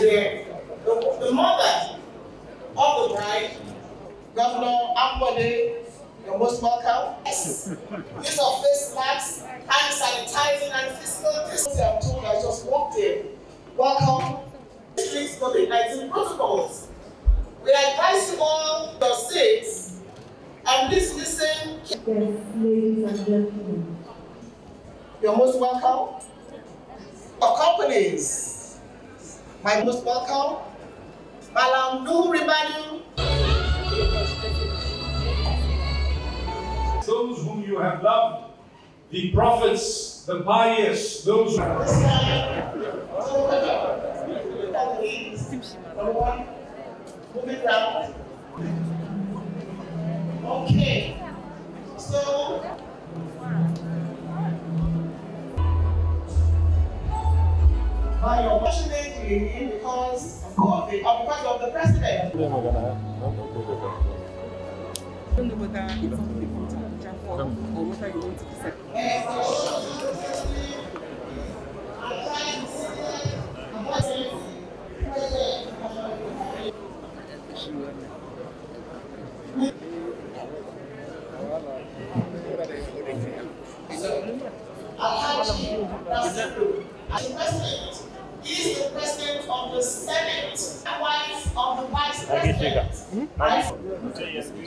here. The, the mother of the bride, Governor Ambode, you're most welcome. Yes. Use of face masks, hand sanitizing, and physical distancing. I'm told I just walked in. Welcome. Please Strict the 19 protocols. We advise you all your seats and please listen. Yes, ladies and gentlemen. You're most welcome. Accompanies. companies. my most welcome, Malam Nuhu Ribadu. Those whom you have loved, the prophets, the pious, those who... Moving round. Okay. So by your questioning in because of COVID or because of the president. I don't know whether it's something to jump on or whether you want to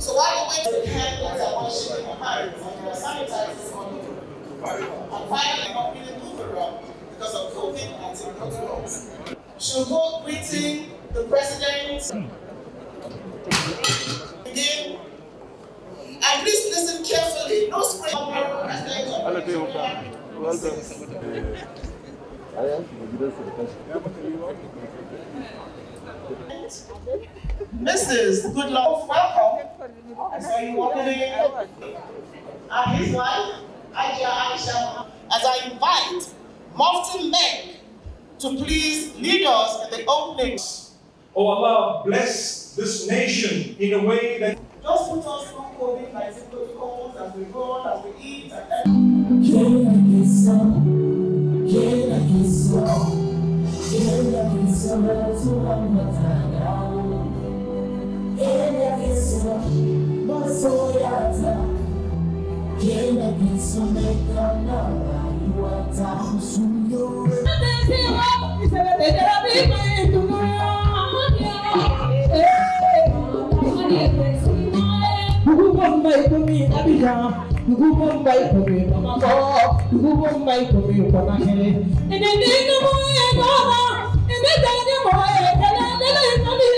So why do we depend on that one washing on hands and your sanitizers on the room, And finally, not really move around because of COVID and the protocols. Shogo greeting the president. Again, and please listen carefully. No spray. Hello, people. Well done. I am the president Mrs. Goodlove, welcome. I saw you walking in. And his wife, Ajia Aisha. As I invite Mufti Meg to please lead us in the opening. Oh Allah, bless this nation in a way that. Just put us through COVID 19 protocols as we run, as we eat, and everything. Sometimes one more time for me, Abidjan. You go Bombay for for me, Mama And then they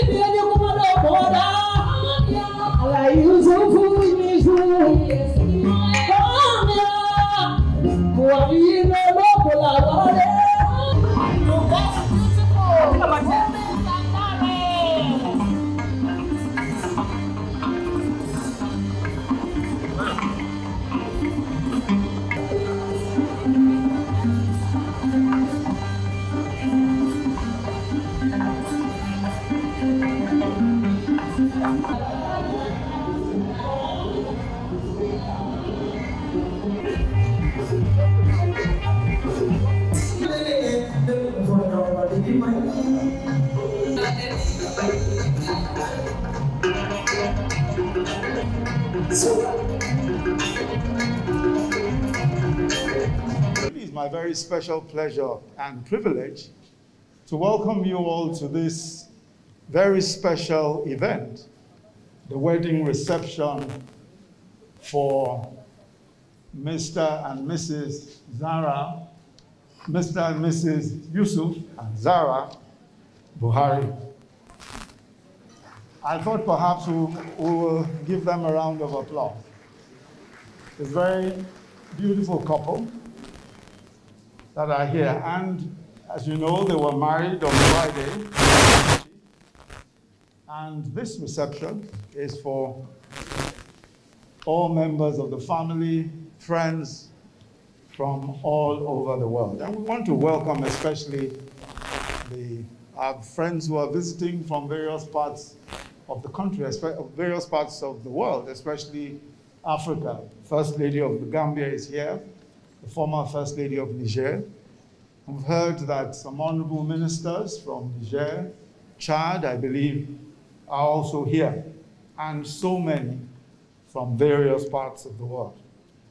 kumoda kumoda kumoda. It is my very special pleasure and privilege to welcome you all to this very special event, the wedding reception for Mr. and Mrs. Zara, Mr. and Mrs. Yusuf and Zara Buhari. I thought perhaps we, we will give them a round of applause. It's a very beautiful couple that are here. And as you know, they were married on Friday. And this reception is for all members of the family, friends from all over the world. And we want to welcome especially the, our friends who are visiting from various parts of the country, of various parts of the world, especially Africa. First Lady of the Gambia is here, the former First Lady of Niger. We've heard that some honorable ministers from Niger, Chad, I believe, are also here, and so many from various parts of the world.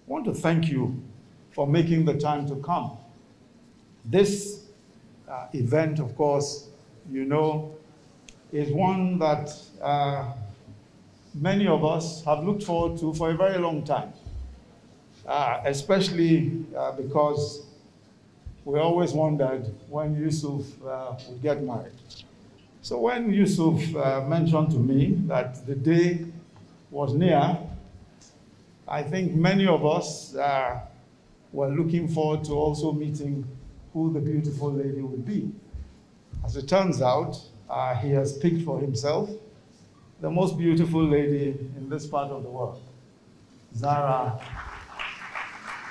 I want to thank you for making the time to come. This uh, event, of course, you know, is one that uh, many of us have looked forward to for a very long time, uh, especially uh, because we always wondered when Yusuf uh, would get married. So when Yusuf uh, mentioned to me that the day was near, I think many of us uh, were looking forward to also meeting who the beautiful lady would be. As it turns out, uh, he has picked for himself the most beautiful lady in this part of the world, Zara,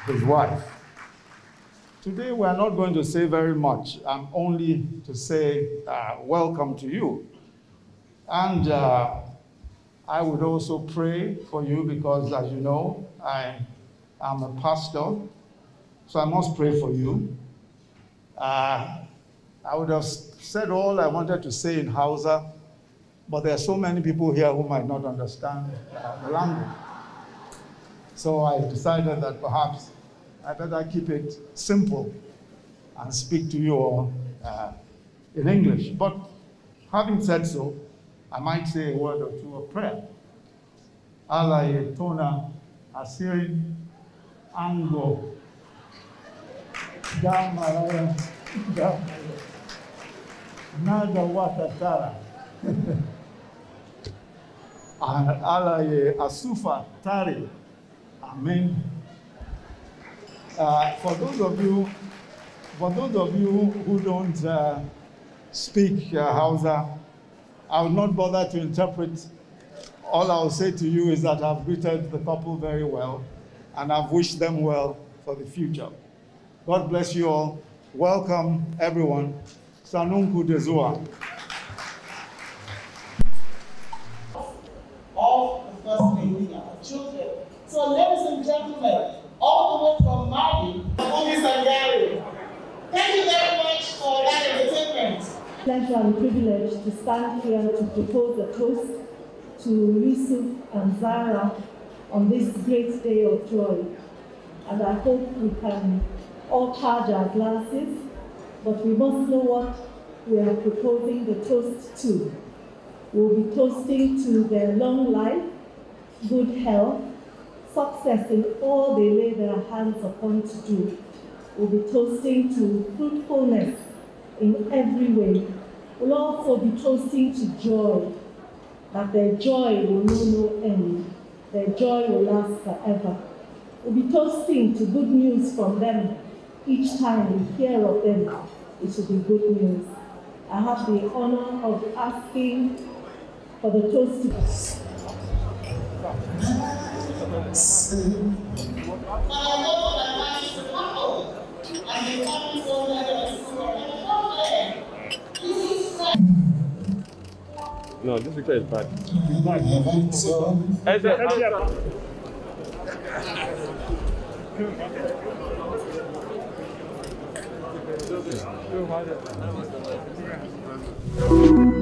his wife. Today, we are not going to say very much. I'm only to say uh, welcome to you. And uh, I would also pray for you because, as you know, I am a pastor, so I must pray for you. Uh, I would have said all I wanted to say in Hausa, but there are so many people here who might not understand uh, the language. So I decided that perhaps I better keep it simple and speak to you all uh, in English. But having said so, I might say a word or two of prayer. Allah asirin ango. Damaraya. Damaraya. Nagawata Tara. Alaye Asufa Tari. Amen. Uh, for those of you, for those of you who don't uh, speak uh, Hausa, I will not bother to interpret. All I will say to you is that I've greeted the couple very well, and I've wished them well for the future. God bless you all. Welcome, everyone. Sanunku de Of the first our children. So, ladies and gentlemen, all the way from Mali, Umi Sangari. Thank you very much for that entertainment. i and privileged to stand here to propose a toast to Yusuf and Zara on this great day of joy. And I hope we can all charge our glasses but we must know what we are proposing the toast to. We'll be toasting to their long life, good health, success in all they lay their hands upon to do. We'll be toasting to fruitfulness in every way. We'll also be toasting to joy, that their joy will know no end. Their joy will last forever. We'll be toasting to good news from them each time we hear of them, it should be good news. I have the honor of asking for the toast No, this picture is bad. It's bad. 对，华姐。